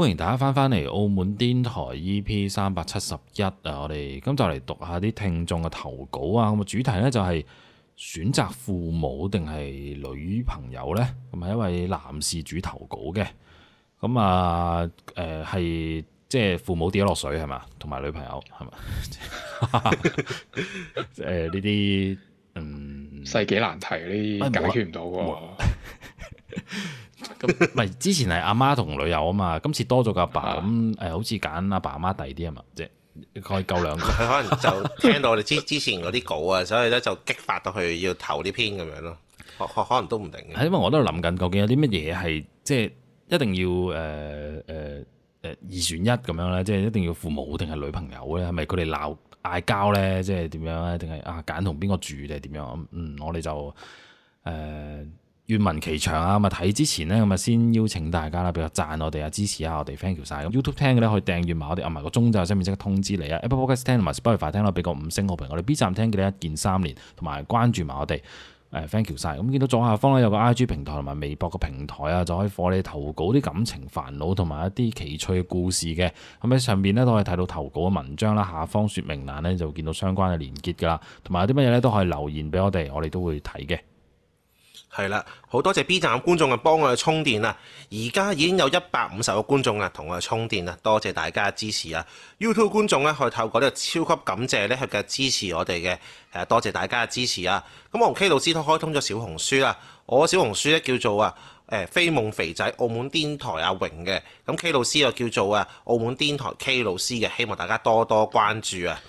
歡迎大家翻返嚟澳門癲台 EP 三百七十一啊！我哋今就嚟讀下啲聽眾嘅投稿啊！咁啊，主題呢，就係選擇父母定係女朋友呢？咁係一位男士主投稿嘅，咁、嗯、啊，誒，係即係父母跌咗落水係嘛，同埋女朋友係嘛？誒，呢 啲嗯世紀難題呢啲解決唔到。 唔係之前係阿媽同女友啊嘛，今次多咗個阿爸，爸，咁誒的、嗯，好似揀阿爸阿媽大啲啊嘛，即係可以夠兩個。 可能就聽到我哋之之前嗰啲稿啊，所以咧就激發到佢要投呢篇咁樣咯。可能都唔定。嘅， 因為我都喺度諗緊，究竟有啲乜嘢係即係一定要誒誒誒二選一咁樣咧？即係一定要父母定係女朋友咧？係咪佢哋鬧嗌交咧？即係點樣咧？定係啊揀同邊個住定係點樣？嗯，我哋就誒。呃呃願聞其詳啊！咁啊睇之前呢，咁啊先邀請大家啦，俾個贊我哋啊，支持下我哋，thank you 曬。YouTube 聽嘅咧可以訂閱埋我哋，啊埋個鐘就上面即刻通知你啊。Apple Podcast 聽同埋 Spotify 聽啦，俾個五星好評。我哋 B 站聽嘅得一鍵三連，同埋關注埋我哋，誒 thank you 晒！咁、嗯、見到左下方咧有個 IG 平台同埋微博個平台啊，就可以放你投稿啲感情煩惱同埋一啲奇趣嘅故事嘅。咁喺上面呢，都可以睇到投稿嘅文章啦。下方説明欄呢，就見到相關嘅連結噶啦，同埋有啲乜嘢咧都可以留言俾我哋，我哋都會睇嘅。係啦，好多謝 B 站嘅觀眾啊，幫我哋充電啊！而家已經有一百五十個觀眾啊，同我哋充電啊！多謝大家嘅支持啊！YouTube 觀眾咧，去透過呢個超級感謝咧，係嘅支持我哋嘅，誒多謝大家嘅支持啊！咁我同 K 老師都開通咗小紅書啦，我小紅書咧叫做啊誒非夢肥仔澳門癲台阿榮嘅，咁 K 老師又叫做啊澳門癲台 K 老師嘅，希望大家多多關注啊！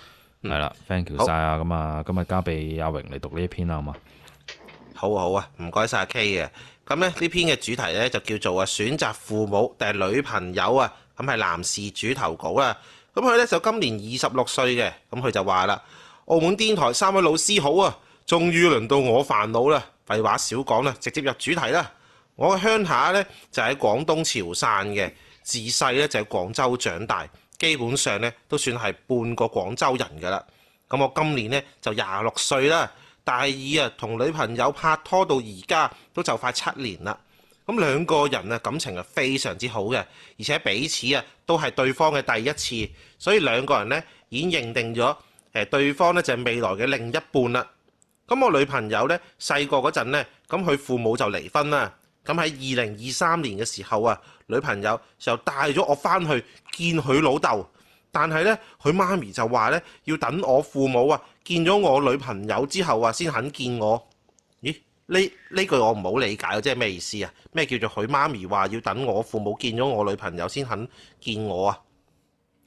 係、嗯、啦，thank you 晒啊好！咁啊，今日交俾阿榮嚟讀呢一篇啦，好嘛？好啊好啊，唔該曬 K 嘅。咁咧呢篇嘅主題咧就叫做啊選擇父母定係女朋友啊。咁係男士主投稿啊。咁佢咧就今年二十六歲嘅。咁佢就話啦：澳門癲台三位老師好啊。終於輪到我煩惱啦。廢話少講啦，直接入主題啦。我嘅鄉下咧就喺廣東潮汕嘅，自細咧就喺廣州長大，基本上咧都算係半個廣州人㗎啦。咁我今年咧就廿六歲啦。大二啊，同女朋友拍拖到而家都就快七年啦。咁兩個人啊，感情係非常之好嘅，而且彼此啊都係對方嘅第一次，所以兩個人咧已經認定咗誒對方咧就係未來嘅另一半啦。咁我女朋友咧細個嗰陣咧，咁佢父母就離婚啦。咁喺二零二三年嘅時候啊，女朋友就帶咗我翻去見佢老豆。但係咧，佢媽咪就話咧，要等我父母啊見咗我女朋友之後啊，先肯見我。咦？呢呢句我唔好理解啊，即係咩意思啊？咩叫做佢媽咪話要等我父母見咗我女朋友先肯見我啊？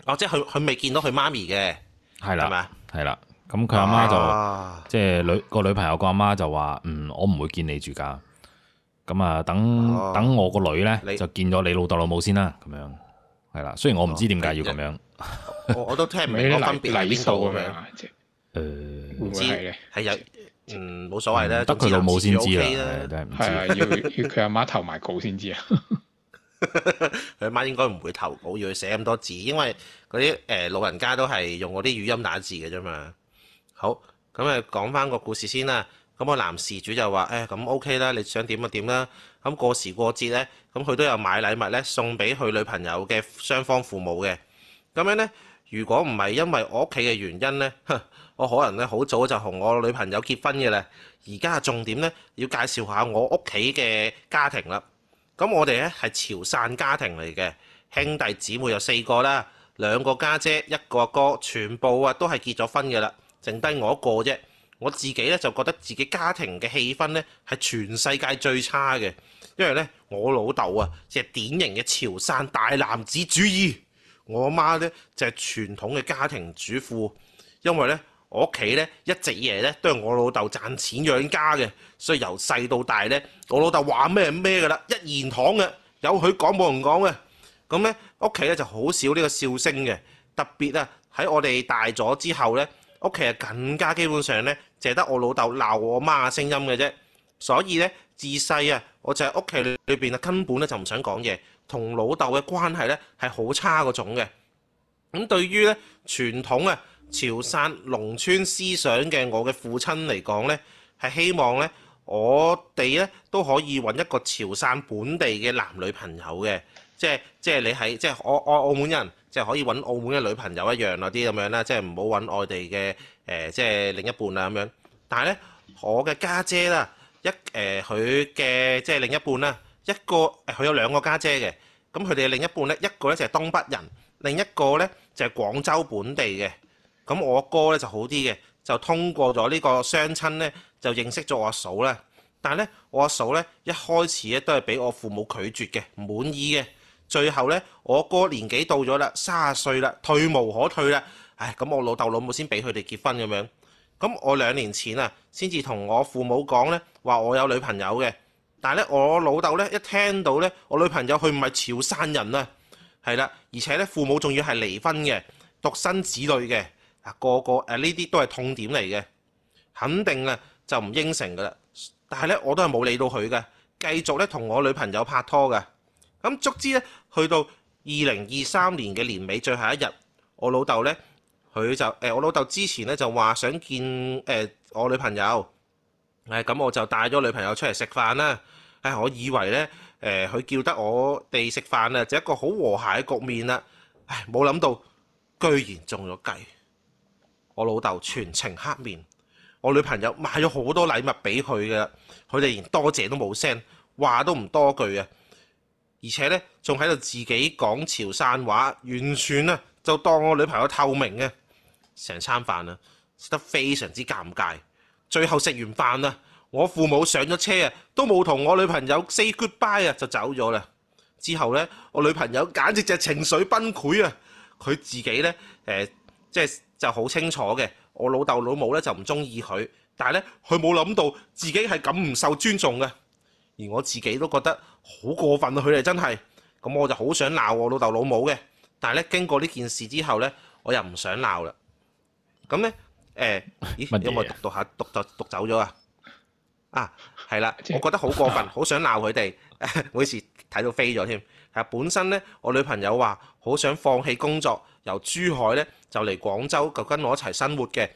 哦，即係佢佢未見到佢媽咪嘅。係啦，係啦。咁佢阿媽就即係女個女朋友個阿媽就話：嗯，我唔會見你住㗎。咁啊，等等我個女咧就見咗你老豆老母先啦，咁樣。係啦，雖然我唔知點解要咁樣，我我都聽唔明個分別喺邊度咁樣。誒，唔知係有，嗯，冇所謂啦，得佢老母先知啦，係啊，要要佢阿媽投埋稿先知啊。佢阿媽應該唔會投稿要佢寫咁多字，因為嗰啲誒老人家都係用嗰啲語音打字嘅啫嘛。好，咁啊講翻個故事先啦。咁個男事主就話：誒，咁 OK 啦，你想點就點啦。咁過時過節咧，咁佢都有買禮物咧送俾佢女朋友嘅雙方父母嘅。咁樣咧，如果唔係因為我屋企嘅原因咧，哼，我可能咧好早就同我女朋友結婚嘅啦。而家重點咧，要介紹下我屋企嘅家庭啦。咁我哋咧係潮汕家庭嚟嘅，兄弟姊妹有四個啦，兩個家姐、一個哥，全部啊都係結咗婚嘅啦，剩低我一個啫。我自己咧就覺得自己家庭嘅氣氛咧係全世界最差嘅。因為咧，我老豆啊，就係典型嘅潮汕大男子主義；我媽咧就係傳統嘅家庭主婦。因為咧，我屋企咧一直以嚟咧都係我老豆賺錢養家嘅，所以由細到大咧，我老豆話咩咩噶啦，一言堂嘅，有佢講冇人講嘅。咁咧屋企咧就好少呢個笑聲嘅，特別啊喺我哋大咗之後咧，屋企啊更加基本上咧淨係得我老豆鬧我媽嘅聲音嘅啫，所以咧自細啊。我就喺屋企裏邊啊，根本咧就唔想講嘢，同老豆嘅關係咧係好差嗰種嘅。咁對於咧傳統嘅、啊、潮汕農村思想嘅我嘅父親嚟講咧，係希望咧我哋咧都可以揾一個潮汕本地嘅男女朋友嘅，即係即係你喺即係我澳澳門人，即係可以揾澳門嘅女朋友一樣嗰啲咁樣啦，即係唔好揾外地嘅誒、呃，即係另一半啦咁樣。但係咧，我嘅家姐啦。一誒佢嘅即係另一半啦，一個誒佢有兩個家姐嘅，咁佢哋嘅另一半咧，一個咧就係東北人，另一個咧就係廣州本地嘅。咁我哥咧就好啲嘅，就通過咗呢個相親咧，就認識咗我阿嫂啦。但係咧，我阿嫂咧一開始咧都係俾我父母拒絕嘅，唔滿意嘅。最後咧，我哥年紀到咗啦，三十歲啦，退無可退啦。唉，咁我老竇老母先俾佢哋結婚咁樣。咁我兩年前啊，先至同我父母講咧，話我有女朋友嘅。但係咧，我老豆咧一聽到咧，我女朋友佢唔係潮汕人啊，係啦，而且咧父母仲要係離婚嘅，獨生子女嘅，啊個個誒呢啲都係痛點嚟嘅，肯定啊就唔應承㗎喇。但係咧我都係冇理到佢嘅，繼續咧同我女朋友拍拖嘅。咁足之咧去到二零二三年嘅年尾最後一日，我老豆咧。佢就誒，我老豆之前咧就話想見誒、呃、我女朋友，誒、哎、咁我就帶咗女朋友出嚟食飯啦。誒、哎，我以為咧誒佢叫得我哋食飯啊，就是、一個好和諧嘅局面啦。唉、哎，冇諗到，居然中咗計。我老豆全程黑面，我女朋友買咗好多禮物俾佢嘅，佢哋連多謝都冇聲，話都唔多句啊，而且咧仲喺度自己講潮汕話，完全啊就當我女朋友透明嘅。成餐飯啊，食得非常之尷尬。最後食完飯啊，我父母上咗車啊，都冇同我女朋友 say goodbye 啊，就走咗啦。之後呢，我女朋友簡直就情緒崩潰啊！佢自己呢，誒、呃，即係就好清楚嘅，我老豆老母呢，就唔中意佢，但係呢，佢冇諗到自己係咁唔受尊重嘅。而我自己都覺得好過分啊！佢哋真係咁，我就好想鬧我老豆老母嘅。但係咧，經過呢件事之後呢，我又唔想鬧啦。咁咧，誒、欸，咦，有、欸、冇讀下讀就讀，讀，讀，讀走咗啊？啊，係啦，我覺得好過分，好 想鬧佢哋。每時睇到飛咗添，係本身咧，我女朋友話好想放棄工作，由珠海咧就嚟廣州就跟我一齊生活嘅。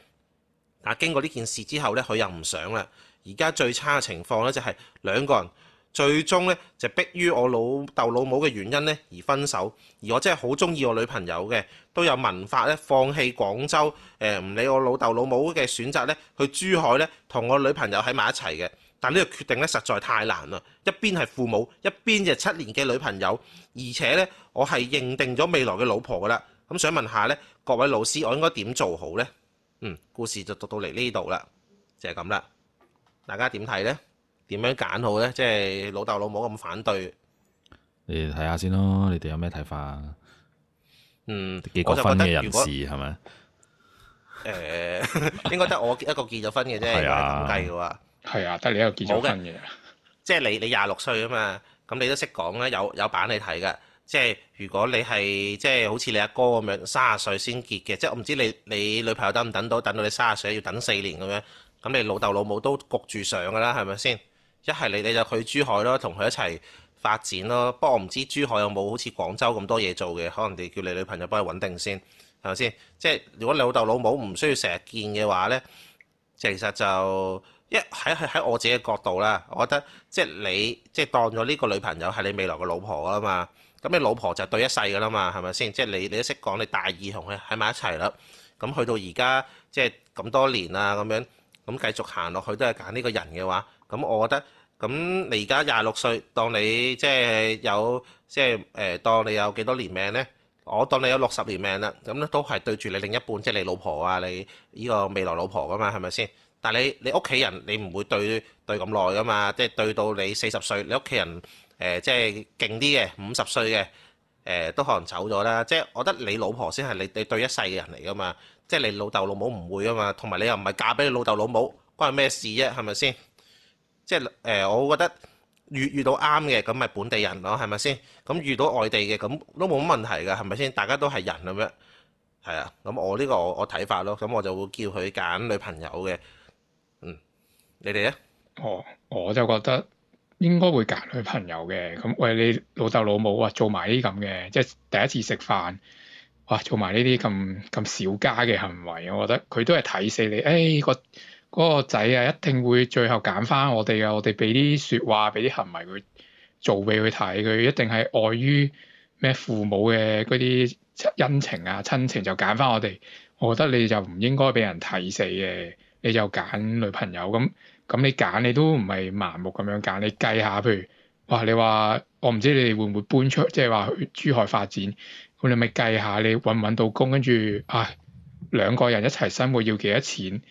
但係經過呢件事之後咧，佢又唔想啦。而家最差嘅情況咧就係兩個人。最終咧就迫於我老豆老母嘅原因咧而分手，而我真係好中意我女朋友嘅，都有文法咧放棄廣州，誒唔理我老豆老母嘅選擇咧去珠海咧同我女朋友喺埋一齊嘅，但呢個決定咧實在太難啦，一邊係父母，一邊就七年嘅女朋友，而且咧我係認定咗未來嘅老婆㗎啦，咁想問下咧各位老師，我應該點做好呢？嗯，故事就讀到嚟呢度啦，就係咁啦，大家點睇咧？點樣揀好咧？即係老豆老母咁反對，你睇下先咯。你哋有咩睇法啊？嗯，結過婚嘅人士係咪？誒果，吧 應該得我一個結咗婚嘅啫，唔計嘅話，係啊，得你一個結咗婚嘅，即係你你廿六歲啊嘛。咁你都識講啦，有有版你睇㗎。即係如果你係即係好似你阿哥咁樣，三十歲先結嘅，即係我唔知你你女朋友得唔等到等到你三十歲，要等四年咁樣。咁你老豆老母都焗住上㗎啦，係咪先？一係你你就去珠海咯，同佢一齊發展咯。不過我唔知珠海有冇好似廣州咁多嘢做嘅，可能你叫你女朋友幫佢揾定先，係咪先？即係如果你老豆老母唔需要成日見嘅話咧，其實就一喺喺我自己嘅角度啦，我覺得即係你即係當咗呢個女朋友係你未來嘅老婆啊嘛。咁你老婆就對一世噶啦嘛，係咪先？即係你你都識講你大二同佢喺埋一齊啦，咁去到而家即係咁多年啦咁樣，咁繼續行落去都係揀呢個人嘅話。咁我覺得咁你而家廿六歲，當你即係有即係誒，當你有幾多年命呢？我當你有六十年命啦。咁咧都係對住你另一半，即係你老婆啊，你呢個未來老婆噶嘛，係咪先？但係你你屋企人你唔會對對咁耐噶嘛，即係對到你四十歲，你屋企人誒即係勁啲嘅五十歲嘅誒都可能走咗啦。即係我覺得你老婆先係你你對一世嘅人嚟噶嘛，即係你老豆老母唔會噶嘛，同埋你又唔係嫁俾你老豆老母，關咩事啫？係咪先？即係誒、呃，我覺得遇遇到啱嘅咁咪本地人咯，係咪先？咁遇到外地嘅咁都冇乜問題㗎，係咪先？大家都係人咁樣，係啊。咁我呢個我我睇法咯。咁我就會叫佢揀女朋友嘅。嗯，你哋咧？哦，我就覺得應該會揀女朋友嘅。咁喂，你老豆老母啊，做埋呢啲咁嘅，即係第一次食飯，哇，做埋呢啲咁咁小家嘅行為，我覺得佢都係睇死你。誒、哎、個～嗰個仔啊，一定會最後揀翻我哋嘅。我哋俾啲説話，俾啲行為，佢做俾佢睇。佢一定係礙於咩父母嘅嗰啲恩情啊，親情，就揀翻我哋。我覺得你就唔應該俾人睇死嘅。你就揀女朋友咁咁，你揀你都唔係盲目咁樣揀。你計下，譬如話，你話我唔知你哋會唔會搬出，即係話去珠海發展。咁你咪計下，你揾唔揾到工，跟住唉，兩個人一齊生活要幾多錢？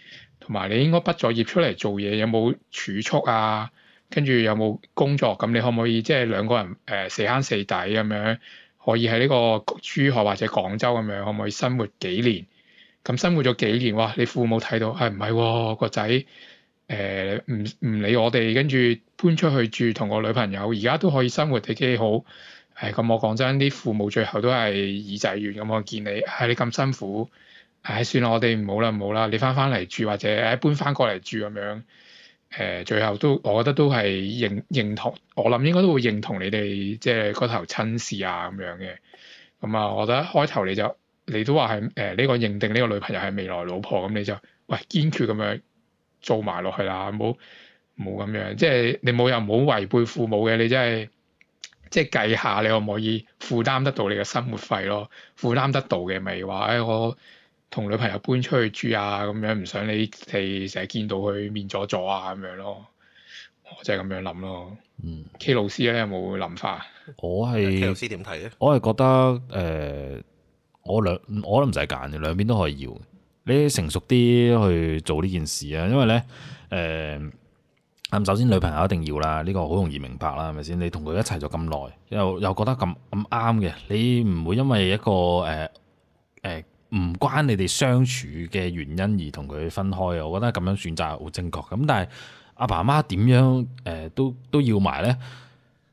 同埋你應該畢咗業出嚟做嘢，有冇儲蓄啊？跟住有冇工作？咁你可唔可以即係、就是、兩個人誒、呃、死慳死抵咁樣，可以喺呢個珠海或者廣州咁樣，可唔可以生活幾年？咁生活咗幾年，哇！你父母睇到係唔係個仔誒唔唔理我哋，跟住搬出去住，同個女朋友而家都可以生活得幾好？係、哎、咁、嗯，我講真，啲父母最後都係耳仔軟咁，我見你係、哎、你咁辛苦。唉、哎，算啦，我哋唔好啦，唔好啦，你翻翻嚟住或者誒、哎、搬翻過嚟住咁樣，誒、呃、最後都我覺得都係認認同，我諗應該都會認同你哋即係嗰頭親事啊咁樣嘅。咁、嗯、啊，我覺得開頭你就你都話係誒呢個認定呢個女朋友係未來老婆，咁你就喂堅決咁樣做埋落去啦，冇冇咁樣，即、就、係、是、你冇又唔好違背父母嘅，你真係即係計下你可唔可以負擔得到你嘅生活費咯？負擔得到嘅，咪話誒我。同女朋友搬出去住啊，咁樣唔想你哋成日見到佢面阻阻啊，咁樣咯，我就係咁樣諗咯。嗯、K 老師咧有冇諗法？我係 K 老師點睇咧？我係覺得誒、呃，我兩我都唔使揀嘅，兩邊都可以要。你成熟啲去做呢件事啊，因為咧誒，咁、呃、首先女朋友一定要啦，呢、呢個好容易明白啦，係咪先？你同佢一齊咗咁耐，又又覺得咁咁啱嘅，你唔會因為一個誒誒。呃呃唔關你哋相處嘅原因而同佢分開。我覺得咁樣選擇係好正確嘅。咁但係阿爸阿媽點樣、呃、都都要埋呢？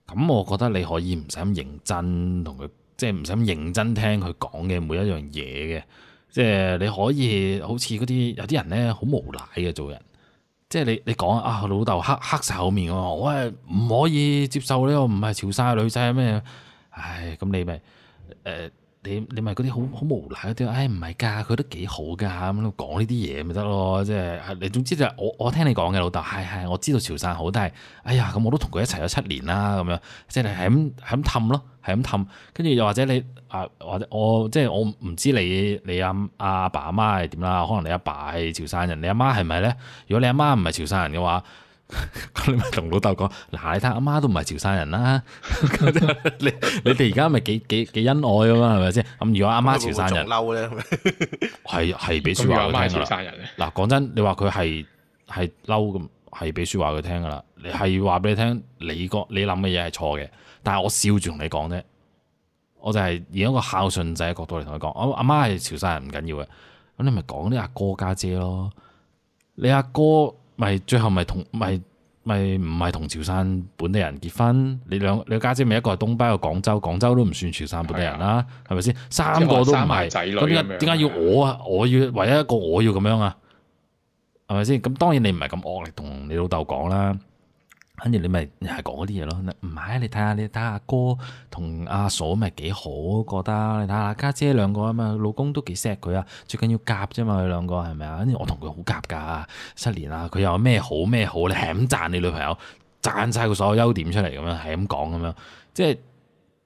咁我覺得你可以唔使咁認真同佢，即係唔使咁認真聽佢講嘅每一樣嘢嘅。即係你可以好似嗰啲有啲人呢好無賴嘅做人。即係你你講啊，老豆黑黑曬口面，我話我係唔可以接受呢個唔係潮汕女仔咩？唉，咁你咪誒。呃你你咪嗰啲好好無賴嗰啲，唉唔係㗎，佢都幾好㗎，咁講呢啲嘢咪得咯。即係你總之就係我我聽你講嘅老豆係係，我知道潮汕好，但係哎呀咁我都同佢一齊咗七年啦，咁樣即係係咁係咁氹咯，係咁氹，跟住又或者你啊或者我即係我唔知你你阿阿爸阿媽係點啦，可能你阿爸係潮汕人，你阿媽係咪咧？如果你阿媽唔係潮汕人嘅話， 你咪同老豆講嗱，你睇下阿媽都唔係潮汕人啦，你你哋而家咪幾幾幾恩愛啊嘛，係咪先？咁如果阿媽潮汕人，嬲咧，係係俾說話佢聽嘅。嗱，講真，你話佢係係嬲咁，係俾說話佢聽噶啦。你係要話俾你聽，你個你諗嘅嘢係錯嘅，但係我笑住同你講啫，我就係以一個孝順仔嘅角度嚟同佢講。阿阿媽係潮汕人唔緊要嘅，咁你咪講啲阿哥家姐咯，你阿哥，哥。咪最後咪同咪咪唔係同潮汕本地人結婚？你兩你家姐咪一個係東北，一個廣州，廣州都唔算潮汕本地人啦，係咪先？三個都唔係仔女，咁點解點解要我啊？我要唯一一個我要咁樣啊？係咪先？咁當然你唔係咁惡，力同你老豆講啦。跟住你咪又係講嗰啲嘢咯，唔係啊？你睇下你睇下哥同阿嫂咪幾好，覺得你睇下家姐兩個啊嘛，老公都幾錫佢啊，最緊要夾啫嘛，佢兩個係咪啊？跟住我同佢好夾噶七年啦，佢又有咩好咩好，你係咁讚你女朋友，讚晒佢所有優點出嚟咁樣，係咁講咁樣，即係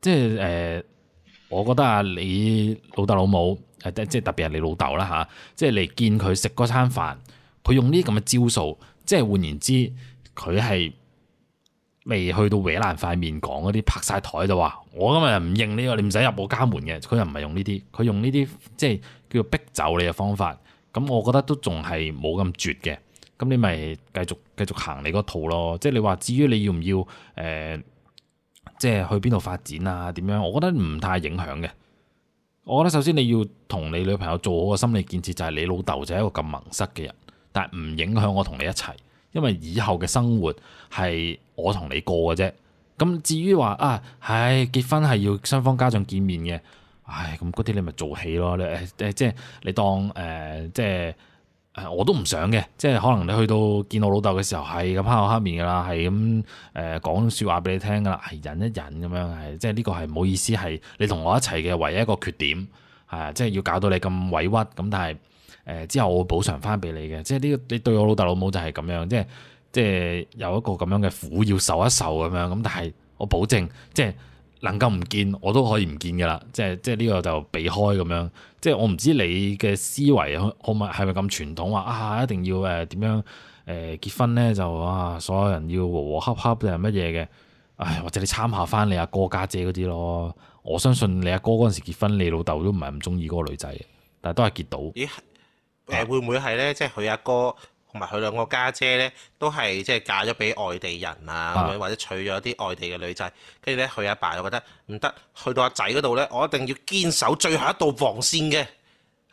即係誒，我覺得啊，你老豆老母即係特別係你老豆啦吓，即係嚟見佢食嗰餐飯，佢用呢啲咁嘅招數，即係換言之，佢係。未去到搲爛塊面講嗰啲，拍晒台就話：我今日唔認你㗎，你唔使入我家門嘅。佢又唔係用呢啲，佢用呢啲即係叫做逼走你嘅方法。咁我覺得都仲係冇咁絕嘅。咁你咪繼續繼續行你嗰套咯。即係你話至於你要唔要誒、呃，即係去邊度發展啊？點樣？我覺得唔太影響嘅。我覺得首先你要同你女朋友做好個心理建設，就係、是、你老豆就係一個咁盲塞嘅人，但係唔影響我同你一齊。因為以後嘅生活係我同你過嘅啫，咁至於話啊，唉、哎，結婚係要雙方家長見面嘅，唉、哎，咁嗰啲你咪做戲咯，你誒、哎，即係你當誒、呃，即係誒、啊，我都唔想嘅，即係可能你去到見我老豆嘅時候係咁黑口黑面噶啦，係咁誒講說話俾你聽噶啦，係、哎、忍一忍咁樣，係即係呢個係唔好意思，係你同我一齊嘅唯一一個缺點，係啊，即係要搞到你咁委屈咁，但係。誒之後我會補償翻俾你嘅，即係呢個你對我老豆老母就係咁樣，即係即係有一個咁樣嘅苦要受一受咁樣，咁但係我保證，即係能夠唔見我都可以唔見㗎喇，即係即係呢個就避開咁樣，即係我唔知你嘅思維可唔係咪咁傳統話啊，一定要誒點樣誒結婚咧就啊所有人要和和洽洽定係乜嘢嘅，唉、哎、或者你參考翻你阿哥家姐嗰啲咯，我相信你阿哥嗰陣時結婚你老豆都唔係咁中意嗰個女仔，但係都係結到。誒會唔會係咧？即係佢阿哥同埋佢兩個家姐咧，都係即係嫁咗俾外地人啊，的或者娶咗啲外地嘅女仔。跟住咧，佢阿爸，爸，就覺得唔得。去到阿仔嗰度咧，我一定要堅守最後一道防線嘅。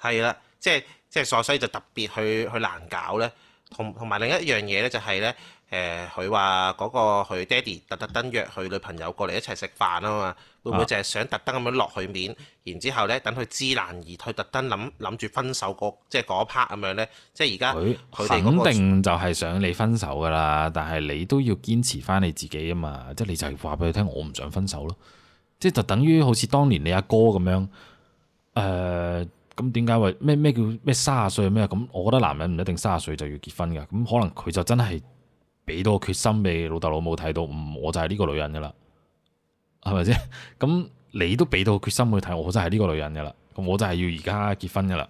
係啦，即係即係所以就特別去去難搞咧。同同埋另一樣嘢咧，就係、是、咧。誒，佢話嗰個佢爹哋特特登約佢女朋友過嚟一齊食飯啊嘛，啊會唔會就係想特登咁樣落去面，然之後咧等佢知難而退，特登諗諗住分手嗰即係嗰 part 咁樣咧，即係而家佢肯定就係想你分手噶啦，但係你都要堅持翻你自己啊嘛，即係你就係話俾佢聽，我唔想分手咯，即係就等於好似當年你阿哥咁樣，誒、呃，咁點解話咩咩叫咩卅歲咩？咁我覺得男人唔一定卅歲就要結婚噶，咁可能佢就真係。俾到個決心俾老豆老母睇到，我就係呢個女人噶啦，係咪先？咁 你都俾到個決心去睇，我真係呢個女人噶啦，咁我就係要而家結婚噶啦。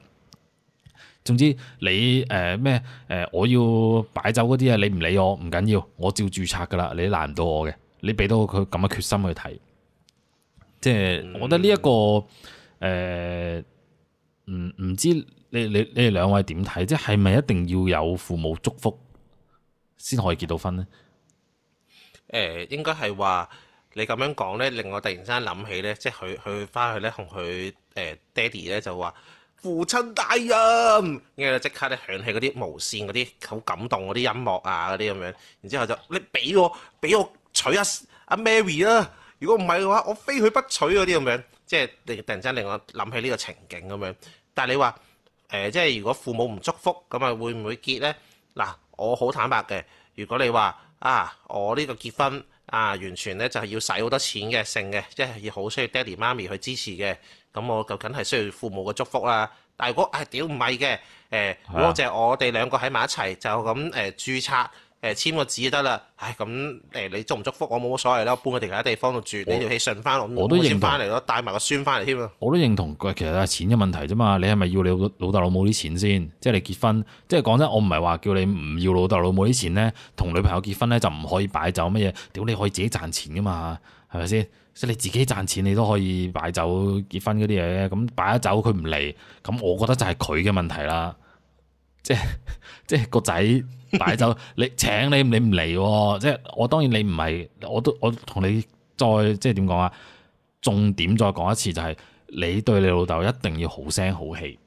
總之你誒咩誒，我要擺酒嗰啲啊，你唔理我唔緊要，我照註冊噶啦，你難唔到我嘅。你俾到佢咁嘅決心去睇，即係我覺得呢一個誒，唔唔知你你你哋兩位點睇？即係係咪一定要有父母祝福？先可以結到婚呢？誒、呃，應該係話你咁樣講呢，令我突然之間諗起呢，即係佢佢翻去呢，同佢誒爹哋呢，爸爸就話父親大人，咁啊即刻呢，響起嗰啲無線嗰啲好感動嗰啲音樂啊嗰啲咁樣，然之後就你俾我俾我娶阿、啊、阿、啊、Mary 啦、啊，如果唔係嘅話，我非佢不娶嗰啲咁樣，即係突然間令我諗起呢個情景咁樣。但係你話誒、呃，即係如果父母唔祝福，咁啊會唔會結呢？嗱。我好坦白嘅，如果你話啊，我呢個結婚啊，完全咧就係要使好多錢嘅，剩嘅即係要好需要爹哋媽咪去支持嘅，咁我究竟係需要父母嘅祝福啦。但係如果係屌唔係嘅，誒、啊，欸、淨係我就係我哋兩個喺埋一齊就咁誒、欸、註冊。誒、呃、簽個紙就得啦，唉咁誒你祝唔祝福我冇乜所謂啦，我搬去其他地方度住，我你條氣順翻，我都認翻嚟咯，帶埋個孫翻嚟添啊！我都認同，其實係錢嘅問題啫嘛。你係咪要你老豆老母啲錢先？即係你結婚，即係講真，我唔係話叫你唔要老豆老母啲錢咧，同女朋友結婚咧就唔可以擺酒乜嘢？屌你可以自己賺錢噶嘛，係咪先？即係你自己賺錢，你都可以擺酒結婚嗰啲嘢嘅。咁擺咗酒佢唔嚟，咁我覺得就係佢嘅問題啦。即係即係個仔。擺酒， 你請你你唔嚟喎，即係我當然你唔係，我都我同你再即係點講啊？重點再講一次就係，你對你老豆一定要好聲好氣，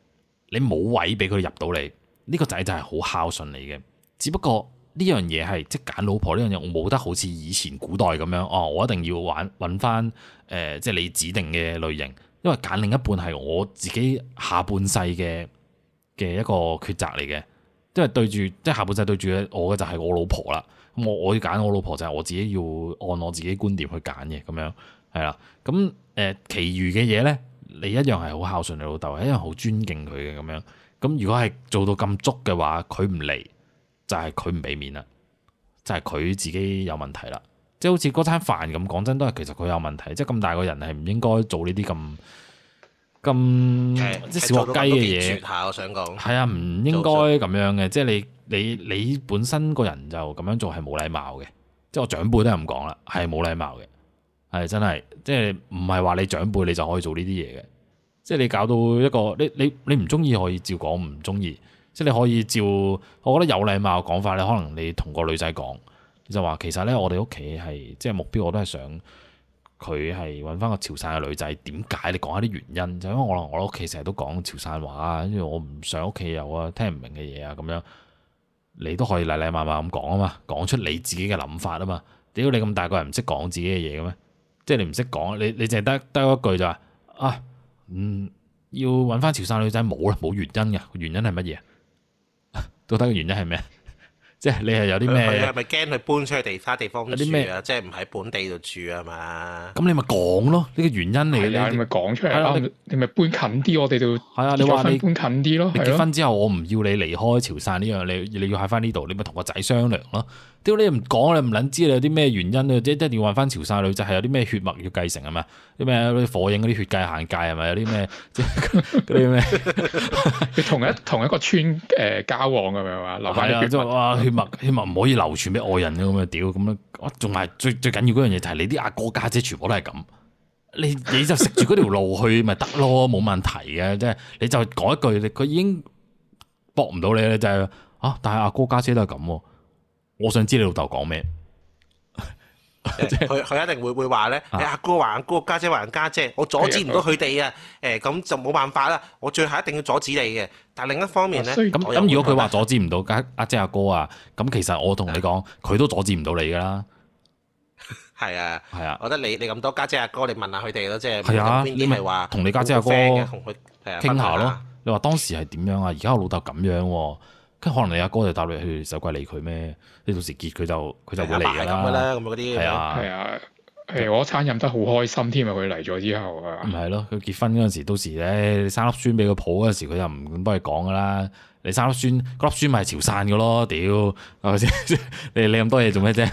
你冇位俾佢入到嚟，呢個仔就係好孝順你嘅。只不過呢樣嘢係即係揀老婆呢樣嘢，我冇得好似以前古代咁樣哦，我一定要揾揾返誒，即係你指定嘅類型，因為揀另一半係我自己下半世嘅嘅一個抉擇嚟嘅。因為對住即係下半世對住我嘅就係我老婆啦，咁我我要揀我老婆就係我自己要按我自己觀點去揀嘅咁樣係啦，咁誒、呃、其餘嘅嘢呢，你一樣係好孝順你老豆，一樣好尊敬佢嘅咁樣，咁如果係做到咁足嘅話，佢唔嚟就係佢唔俾面啦，就係佢自己有問題啦，即係好似嗰餐飯咁，講真都係其實佢有問題，即係咁大個人係唔應該做呢啲咁。咁即係小學雞嘅嘢，我想講係啊，唔應該咁樣嘅。事即係你你你本身個人就咁樣做係冇禮貌嘅。即係我長輩都係唔講啦，係冇禮貌嘅，係真係即係唔係話你長輩你就可以做呢啲嘢嘅。即係你搞到一個你你你唔中意可以照講唔中意，即係你可以照我覺得有禮貌嘅講法，你可能你同個女仔講就話其實咧，我哋屋企係即係目標我都係想。佢係揾翻個潮汕嘅女仔，點解？你講下啲原因，就因為我我屋企成日都講潮汕話啊，因為我唔想屋企有啊聽唔明嘅嘢啊，咁樣你都可以禮禮貌貌咁講啊嘛，講出你自己嘅諗法啊嘛，屌你咁大個人唔識講自己嘅嘢嘅咩？即係你唔識講，你你淨係得得一句就話啊，嗯，要揾翻潮汕女仔冇啦，冇原因嘅，原因係乜嘢？到底個原因係咩？即係你係有啲咩？係咪驚佢搬出去其他地方住？有啲咩啊？即係唔喺本地度住啊嘛？咁、嗯、你咪講咯，呢、呢個原因你嘅，你咪講出嚟啦你。你咪搬近啲，我哋就係啊。你話你，搬近啲咯，你結婚之後，的我唔要你離開潮汕呢樣，你要你要喺返呢度，你咪同個仔商量咯。屌你唔講，你唔撚知你有啲咩原因，即一定要搵翻潮汕女仔係、就是、有啲咩血脈要繼承啊？咩啲咩火影嗰啲血繼限界係咪有啲咩？嗰啲咩？同一 同一個村誒交往咁樣嘛？留翻即血脈、啊、血脈唔可以流傳俾外人咁啊！屌咁樣，仲埋最最緊要嗰樣嘢就係、是、你啲阿哥家姐，姐全部都係咁，你就 就行行你就食住嗰條路去咪得咯，冇問題嘅，即係你就講一句，佢已經搏唔到你啦，就係、是、啊！但係阿哥家姐，姐都係咁。我想知你老豆講咩？佢佢一定會會話咧，你阿哥話阿哥，家姐話家姐，我阻止唔到佢哋啊！誒，咁就冇辦法啦。我最後一定要阻止你嘅。但係另一方面咧，咁咁如果佢話阻止唔到，家阿姐阿哥啊，咁其實我同你講，佢都阻止唔到你噶啦。係啊，係啊，我覺得你你咁多家姐阿哥，你問下佢哋咯，即係係啊，你咪話同你家姐阿哥同佢傾下咯。你話當時係點樣啊？而家我老豆咁樣。跟可能你阿哥，哥就搭你去手鬼理佢咩？你到時結佢就佢就會嚟噶啦。咁嘅啦，咁嗰啲係啊係啊，誒我餐飲得好開心添啊！佢嚟咗之後啊，唔係咯？佢結婚嗰陣時，時，到時誒生粒孫俾佢抱嗰時，佢又唔敢幫你講噶啦。你三粒孫，嗰、那、粒、個、孫咪係潮汕嘅咯，屌，係咪先？你理咁多嘢做咩啫？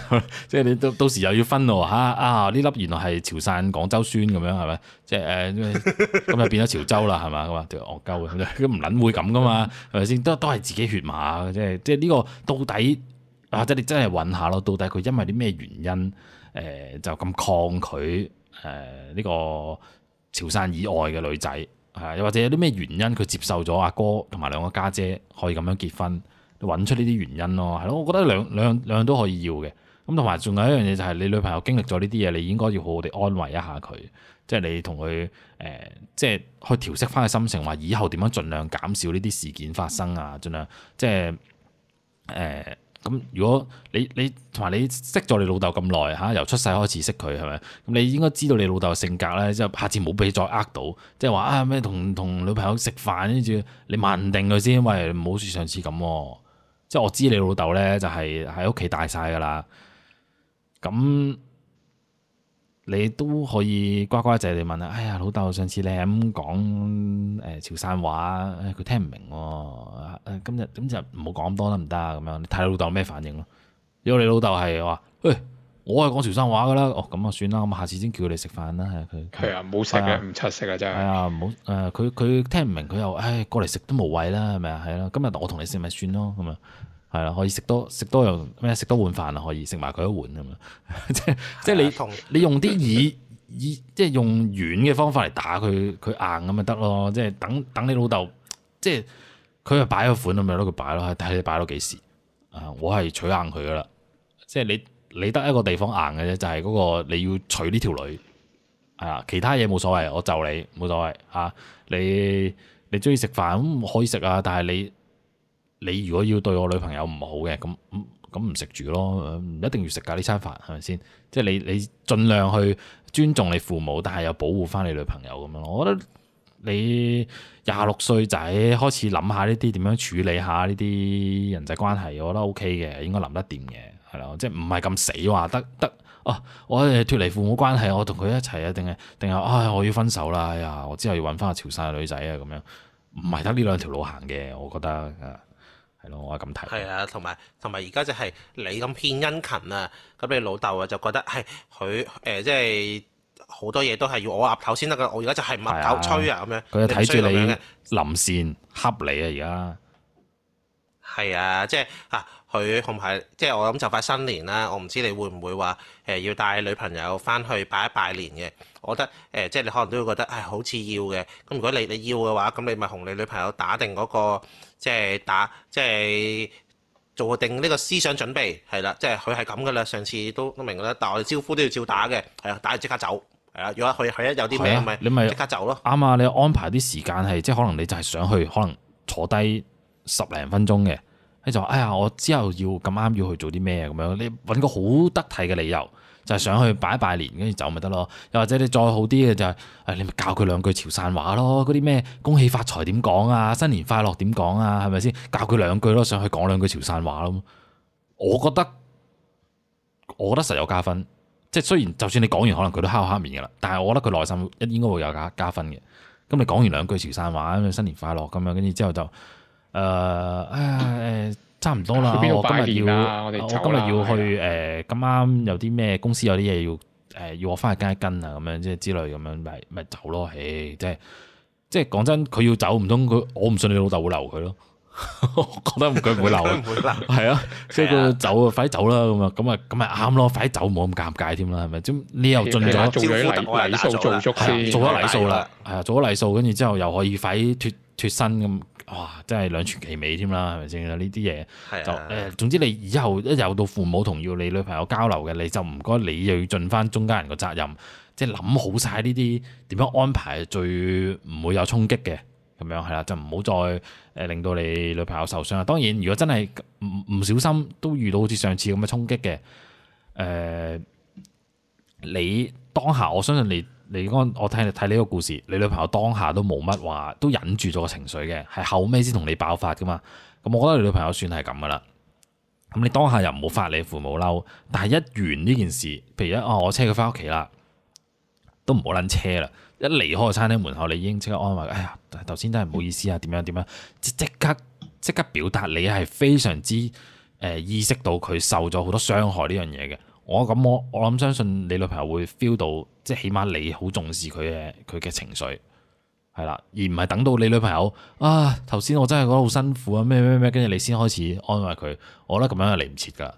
即 係你到到時又要分咯吓，啊！呢粒原來係潮汕廣州孫咁樣係咪？即係誒咁就變咗潮州啦係嘛？咁啊，惡鳩嘅，咁唔撚會咁噶嘛？係咪先？都都係自己血馬，即係即係呢個到底啊？即係你真係揾下咯，到底佢因為啲咩原因誒、呃、就咁抗拒誒呢、呃這個潮汕以外嘅女仔？係，又或者有啲咩原因佢接受咗阿哥同埋兩個家姐可以咁樣結婚，揾出呢啲原因咯，係咯，我覺得兩兩兩樣都可以要嘅。咁同埋仲有一樣嘢就係你女朋友經歷咗呢啲嘢，你應該要好好地安慰一下佢，即係你同佢誒，即係去調適翻個心情，話以後點樣盡量減少呢啲事件發生啊，盡量即係誒。呃咁如果你你同埋你識咗你老豆咁耐吓，由出世開始識佢係咪？咁你應該知道你老豆性格啦，之後下次冇俾再呃到，即係話啊咩同同女朋友食飯跟住你問定佢先，因為唔好似上次咁、啊。即係我知你老豆咧就係喺屋企大晒噶啦。咁。你都可以乖乖仔地問啊！哎呀，老豆上次你係咁講誒潮汕話，佢、哎、聽唔明喎、哦哎。今日今日唔好講咁多得唔得啊？咁樣你睇下老豆咩反應咯。如果你老豆係話，喂、哎，我係講潮汕話㗎啦。哦，咁啊算啦，咁下次先叫你食飯啦。佢係啊，冇食嘅，唔出息啊，真係。係啊，唔好。誒，佢佢聽唔明，佢又誒過嚟食都冇謂啦，係咪啊？係咯、哎啊啊啊，今日我同你食咪算咯，咁啊。係啦，可以食多食多樣咩？食多碗飯啊， 可以食埋佢一碗咁啊！即即你你用啲以以即用軟嘅方法嚟打佢，佢硬咁咪得咯！即等等你老豆，即佢係擺個款咁咪攞佢擺咯，睇、嗯、你擺到幾時啊！我係取硬佢㗎喇，即你你得一個地方硬嘅啫，就係、是、嗰個你要娶呢條女係啦，其他嘢冇所謂，我就你冇所謂啊！你你中意食飯咁可以食啊，但係你。你如果要對我女朋友唔好嘅，咁咁唔食住咯，唔一定要食㗎呢餐飯，係咪先？即係你你盡量去尊重你父母，但係又保護翻你女朋友咁樣咯。我覺得你廿六歲仔開始諗下呢啲點樣處理下呢啲人際關係，我覺得 OK 嘅，應該諗得掂嘅，係啦。即係唔係咁死話得得哦、啊？我誒脫、欸、離父母關係，我同佢一齊啊，定係定係唉我要分手啦！哎呀，我之後要揾翻個潮汕女仔啊咁樣，唔係得呢兩條路行嘅，我覺得我係咁睇，係啊，同埋同埋而家就係你咁獻殷勤啊，咁你老豆啊就覺得係佢誒，即係好多嘢都係要我岌頭先得㗎，我而家就係岌頭吹啊咁、啊、樣，佢睇住你臨線，恰樣你啊而家。係啊，即係啊，佢恐怕即係我諗就快新年啦。我唔知你會唔會話誒、呃、要帶女朋友翻去拜一拜年嘅？我覺得誒、呃、即係你可能都會覺得係、哎、好似要嘅。咁如果你你要嘅話，咁你咪同你女朋友打定嗰、嗰個即係打即係做定呢個思想準備係啦、啊。即係佢係咁㗎啦。上次都都明啦，但我哋招呼都要照打嘅。係啊，打完即刻走。係啊，如果佢佢一有啲咩，咪、啊、你咪即刻走咯。啱啊！你安排啲時間係即係可能你就係想去，可能坐低。十零分鐘嘅，你就話：哎呀，我之後要咁啱要去做啲咩咁樣？你揾個好得體嘅理由，就係上去拜一拜年，跟住走咪得咯。又或者你再好啲嘅就係，誒，你咪教佢兩句潮汕話咯。嗰啲咩恭喜發財點講啊，新年快樂點講啊，係咪先？教佢兩句咯，上去講兩句潮汕話咯。我覺得我覺得實有加分，即係雖然就算你講完，可能佢都敲黑黑面噶啦，但係我覺得佢內心一應該會有加加分嘅。咁你講完兩句潮汕話，咁你新年快樂咁樣，跟住之後就。誒誒、哎、差唔多啦，我今日要我今日要去誒，咁啱的、呃、有啲咩公司有啲嘢要誒、呃，要我翻去跟一跟啊，咁樣即係之類咁樣咪咪走咯，誒即係即係講真，佢要走，走，唔通佢我唔信你老豆會留佢咯，我覺得佢唔會留，係啊，即係佢走啊，快啲走啦咁啊，咁啊咁啊咪啱咯，快啲走，冇咁尷尬添啦，係咪？你又盡咗招呼得數做咗禮數啦，係啊，做咗禮數，跟住之後又可以快啲脫脫身咁。哇！真係兩全其美添啦，係咪先？呢啲嘢就誒、呃，總之你以後一有到父母同要你女朋友交流嘅，你就唔該，你又要盡翻中間人嘅責任，即係諗好晒呢啲點樣安排最唔會有衝擊嘅咁樣係啦、啊，就唔好再誒、呃、令到你女朋友受傷啊！當然，如果真係唔唔小心都遇到好似上次咁嘅衝擊嘅，誒、呃，你當下我相信你。你嗰，我睇你睇呢個故事，你女朋友當下都冇乜話，都忍住咗個情緒嘅，係後尾先同你爆發噶嘛。咁，我覺得你女朋友算係咁噶啦。咁你當下又唔好發你父母嬲，但係一完呢件事，譬如一哦，我車佢翻屋企啦，都唔好捻車啦。一離開餐廳門口，你已經即刻安慰，哎呀，頭先真係唔好意思啊，點樣點樣，點樣，即即刻即刻表達你係非常之誒、呃、意識到佢受咗好多傷害呢樣嘢嘅。我咁我我諗相信你女朋友會 feel 到。即係起碼你好重視佢嘅佢嘅情緒，係啦，而唔係等到你女朋友啊，頭先我真係覺得好辛苦啊，咩咩咩，跟住你先開始安慰佢，我覺得咁樣係嚟唔切㗎，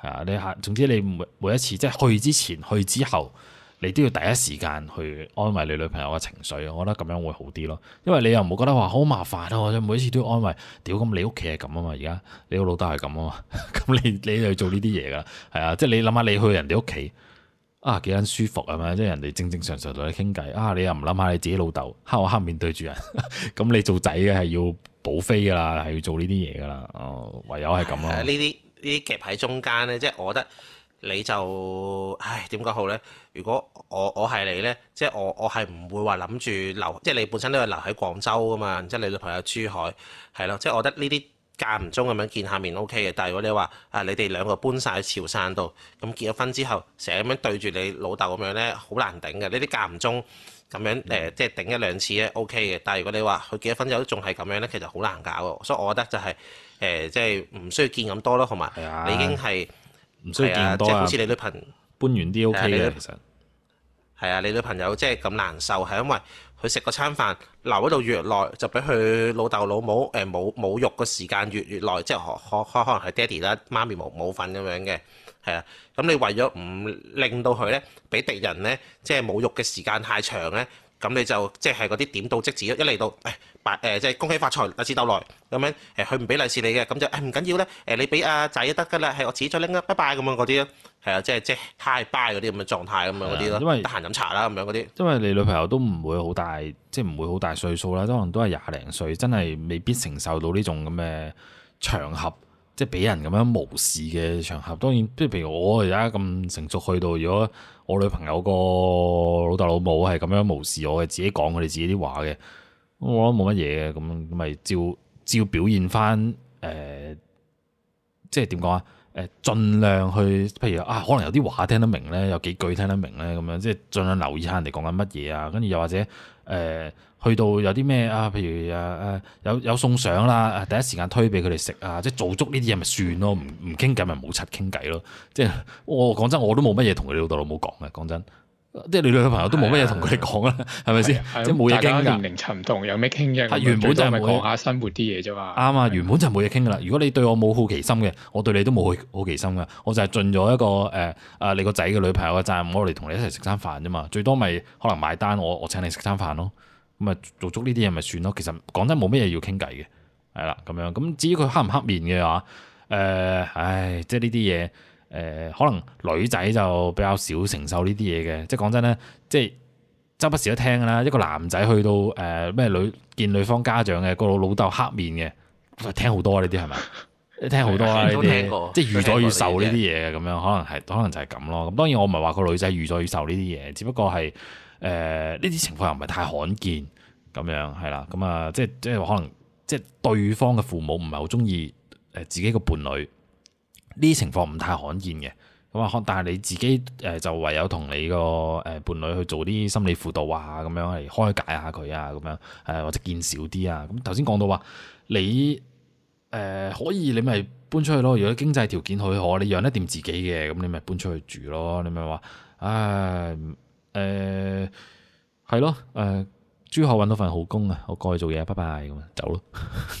係啊，你下總之你每一次即係去之前、去之後，你都要第一時間去安慰你女朋友嘅情緒，我覺得咁樣會好啲咯，因為你又唔好覺得話好麻煩啊，我每一次都要安慰，屌咁你屋企係咁啊嘛，而家你個老豆係咁啊嘛，咁 你你就要做呢啲嘢㗎，係啊，即係你諗下你去人哋屋企。啊，幾撚舒服係嘛？即係人哋正正常常同你傾偈。啊，你又唔諗下你自己老豆，黑口黑面對住人。咁你做仔嘅係要補飛㗎啦，係要做呢啲嘢㗎啦。哦，唯有係咁咯。呢啲呢啲夾喺中間呢，即係我覺得你就唉點講好呢？如果我我係你呢，即係我我係唔會話諗住留，即係你本身都係留喺廣州㗎嘛。然之後你女朋友珠海係咯，即係我覺得呢啲。間唔中咁樣見下面 O K 嘅，但係如果你話啊，你哋兩個搬晒喺潮汕度，咁結咗婚之後，成日咁樣對住你老豆咁樣咧，好難頂嘅。呢啲間唔中咁樣誒、呃，即係頂一兩次咧 O K 嘅。但係如果你話佢結咗婚之後都仲係咁樣咧，其實好難搞。所以我覺得就係、是、誒，即係唔需要見咁多咯，同埋你已經係唔、啊、需要見咁多即、啊就是、好似你女朋友搬完啲 O K 嘅，其實係啊，你女朋友即係咁難受，係因為。佢食個餐飯留喺度越耐，就俾佢老豆老母誒侮侮辱嘅時間越越耐，即係可可可能係爹哋啦、媽咪冇冇份咁樣嘅，係啊，咁你為咗唔令到佢咧，俾敵人咧，即係侮辱嘅時間太長咧。咁你就即係嗰啲點到即止咯，一嚟到，誒，白誒，即係恭喜發財，利是逗來咁樣，誒，佢唔俾利是你嘅，咁就誒唔緊要咧，誒，你俾阿仔得㗎啦，係我自己再拎啦，拜拜咁樣嗰啲咯，係啊，即係即係 high bye 嗰啲咁嘅狀態咁樣嗰啲咯，因為得閒飲茶啦咁樣嗰啲，因為你女朋友都唔會好大，即係唔會好大歲數啦，可能都係廿零歲，真係未必承受到呢種咁嘅場合。即係俾人咁樣無視嘅場合，當然即係譬如我而家咁成熟去到，如果我女朋友個老豆老母係咁樣無視我，係自己講佢哋自己啲話嘅，我覺得冇乜嘢嘅，咁咪照照表現翻誒、呃，即係點講啊？誒，盡量去，譬如啊，可能有啲話聽得明咧，有幾句聽得明咧，咁樣即係盡量留意下人哋講緊乜嘢啊，跟住又或者誒。呃去到有啲咩啊？譬如誒誒，有有送相啦，第一時間推俾佢哋食啊！即係做足呢啲嘢咪算咯，唔唔傾偈咪冇柒傾偈咯。即係我講真，我都冇乜嘢同佢老豆老母講嘅。講真，即係你女朋友都冇乜嘢同佢哋講啦，係咪先？是是啊、即冇嘢傾。年齡層同有咩傾嘅？係原本就係講下生活啲嘢啫嘛。啱啊，原本就冇嘢傾噶啦。如果你對我冇好奇心嘅，我對你都冇好奇心嘅，我就係盡咗一個誒誒、呃、你個仔嘅女朋友嘅責任，我嚟同你一齊食餐飯啫嘛。最多咪可能買單，我我請你食餐飯咯。咁啊，做足呢啲嘢咪算咯。其實講真冇咩嘢要傾偈嘅，係啦咁樣。咁至於佢黑唔黑面嘅話，誒、呃，唉，即係呢啲嘢，誒、呃，可能女仔就比較少承受呢啲嘢嘅。即係講真咧，即係周不時都聽啦。一個男仔去到誒咩、呃、女見女方家長嘅個老豆黑面嘅，聽好多呢啲係咪？聽好多啊呢啲，即係預咗要受呢啲嘢嘅咁樣，可能係，可能就係咁咯。咁當然我唔係話個女仔預咗要受呢啲嘢，只不過係。誒呢啲情況又唔係太罕見，咁樣係啦，咁啊，即係即係可能即係對方嘅父母唔係好中意誒自己個伴侶，呢啲情況唔太罕見嘅，咁啊，但係你自己誒就唯有同你個誒伴侶去做啲心理輔導啊，咁樣嚟開解下佢啊，咁樣誒、呃、或者見少啲啊，咁頭先講到話你誒、呃、可以你咪搬出去咯，如果經濟條件好，你養得掂自己嘅，咁你咪搬出去住咯，你咪話唉。誒，係、呃、咯，誒、呃，珠海搵到份好工啊，我過去做嘢，拜拜咁啊，走咯，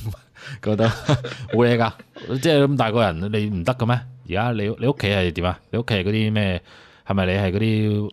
覺得好嘢噶，即係咁大個人，你唔得嘅咩？而家你你屋企係點啊？你屋企係嗰啲咩？係咪你係嗰啲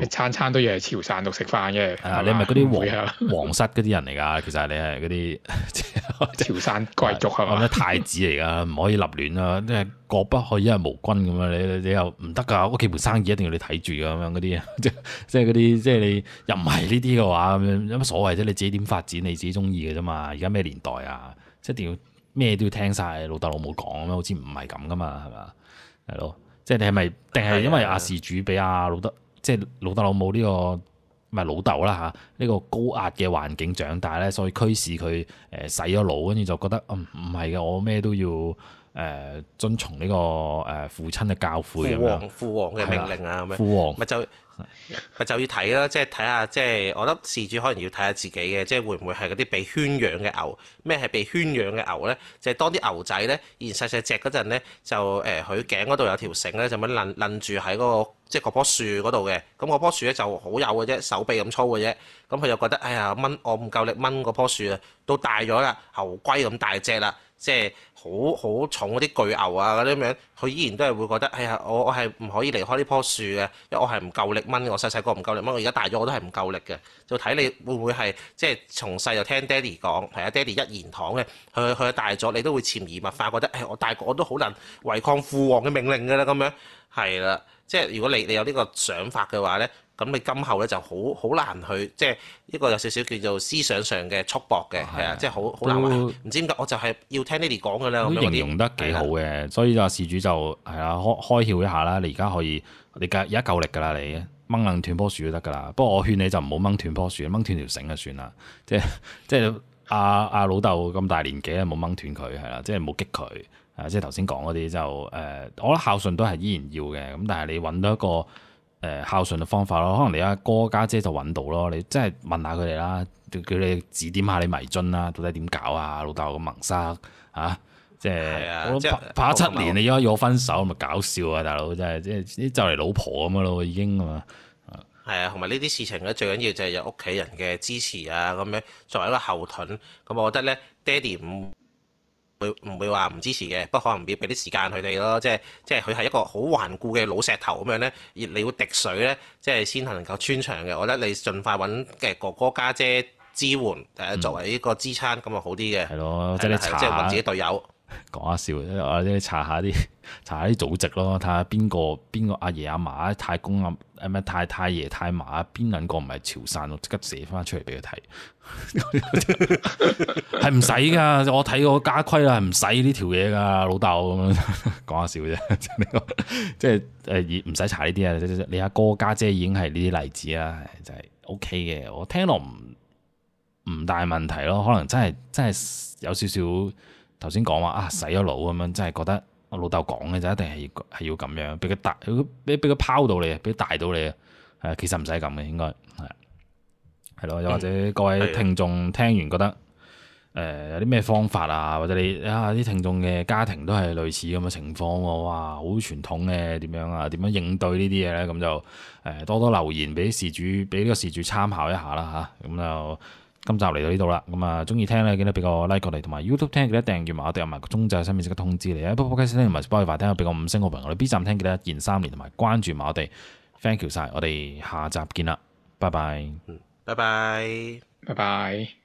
誒？餐、呃、餐都要喺潮汕度食飯嘅。係啊，你咪嗰啲皇室嗰啲人嚟㗎，其實你係嗰啲潮汕貴族係嘛？太子嚟㗎，唔 可以立亂啦，即係國不可以一日無君咁樣。你你又唔得㗎，屋企盤生意一定要你睇住㗎咁樣嗰啲啊，即係嗰啲即係你又唔係呢啲嘅話咁樣，有乜所謂啫？你自己點發展你自己中意嘅啫嘛。而家咩年代啊？即一定要咩都要聽晒。老豆老母講好似唔係咁㗎嘛，係咪啊？係咯。即係你係咪定係因為阿事主俾阿老豆，即係老豆老母，呢個唔係老豆啦嚇，呢個高壓嘅環境長大咧，所以驅使佢誒洗咗腦，跟住就覺得唔唔係嘅，我咩都要。誒遵從呢個誒父親嘅教誨，咁父王父王嘅命令啊咁樣，父王咪的王就咪就要睇啦，即係睇下即係我覺得事主可能要睇下自己嘅，即、就、係、是、會唔會係嗰啲被圈養嘅牛？咩係被圈養嘅牛咧？就係、是、當啲牛仔咧，而細細隻嗰陣咧，就誒佢、呃、頸嗰度有條繩咧，就咁掄掄住喺嗰、那個即係嗰棵樹嗰度嘅。咁嗰棵樹咧就好幼嘅啫，手臂咁粗嘅啫。咁佢就覺得哎呀，掹我唔夠力掹嗰棵樹啊，都大咗啦，牛龜咁大隻啦。即係好好重嗰啲巨牛啊嗰啲咁樣，佢依然都係會覺得，哎呀，我我係唔可以離開呢棵樹嘅，因為我係唔夠力掹，我細細個唔夠力掹，我而家大咗我都係唔夠力嘅。就睇你會唔會係即係從細就聽爹哋講，係啊，爹哋一言堂嘅，佢佢大咗你都會潛移默化覺得，哎，我大個我都好難違抗父王嘅命令㗎啦咁樣，係啦。即係如果你你有呢個想法嘅話咧，咁你今後咧就好好難去，即係呢個有少少叫做思想上嘅束縛嘅，係啊，的即係好好難唔知點解我就係要聽 Lily 講嘅啦。咁形容得幾好嘅，的所以就事主就係啊，開開竅一下啦。你而家可以，你而家夠力㗎啦，你掹撚斷棵樹都得㗎啦。不過我勸你就唔好掹斷棵樹，掹斷條繩就算啦。即係即係阿阿老豆咁大年紀啊，冇掹斷佢係啦，即係冇激佢。即係頭先講嗰啲就，誒、呃，我覺得孝順都係依然要嘅，咁但係你搵到一個誒、呃、孝順嘅方法咯，可能你阿哥家姐、姐就搵到咯，你真係問下佢哋啦，叫你指點下你迷津啦，到底點搞啊？老豆咁迷失吓，即係、啊、我拍咗七年，嗯、你而家要我分手，咪搞笑啊！大佬真係，即係就嚟老婆咁咯，已經啊，係啊，同埋呢啲事情咧，最緊要就係有屋企人嘅支持啊，咁樣作為一個後盾，咁我覺得咧，爹哋唔。會唔會話唔支持嘅？不過可能，要俾啲時間佢哋咯。即係即係佢係一個好頑固嘅老石頭咁樣咧，而你要滴水咧，即係先係能夠穿牆嘅。我覺得你盡快搵嘅哥哥家姐、姐支援誒，嗯、作為一個支撐咁啊好啲嘅係咯，即係你即係搵自己隊友。講下笑，或者查下啲查下啲祖籍咯，睇下邊個邊個阿爺阿嫲太公啊，誒咩太太爺太嫲，邊兩個唔係潮汕，我即刻寫翻出嚟俾佢睇，係唔使噶，我睇過家規啦，係唔使呢條嘢噶，老豆咁樣講下笑啫，即係誒，唔使查呢啲啊，你阿哥家姐，姐已經係呢啲例子啦，就係、是、OK 嘅，我聽落唔唔大問題咯，可能真係真係有少少。頭先講話啊，洗咗腦咁樣，真係覺得我老豆講嘅就一定係要係要咁樣，俾佢大，俾俾佢拋到你，俾佢大到你啊！其實唔使咁嘅，應該係係咯，又或者各位聽眾聽完覺得誒、呃、有啲咩方法啊，或者你啊啲聽眾嘅家庭都係類似咁嘅情況喎、啊，哇！好傳統嘅點樣啊，點樣應對呢啲嘢咧？咁就誒多多留言俾事主，俾呢個事主參考一下啦吓，咁、啊、就。今集嚟到呢度啦，咁啊中意聽咧記得俾個 like 嚟，同埋 YouTube 聽記得訂閱埋我哋，同埋個鐘仔上面即刻通知你啊！Podcast 聽同埋 Spotify 聽，俾個五星好評我哋。B 站聽記得一鍵三連，同埋關注埋我哋。Thank you 晒，我哋下集見啦，拜拜，拜拜，拜拜。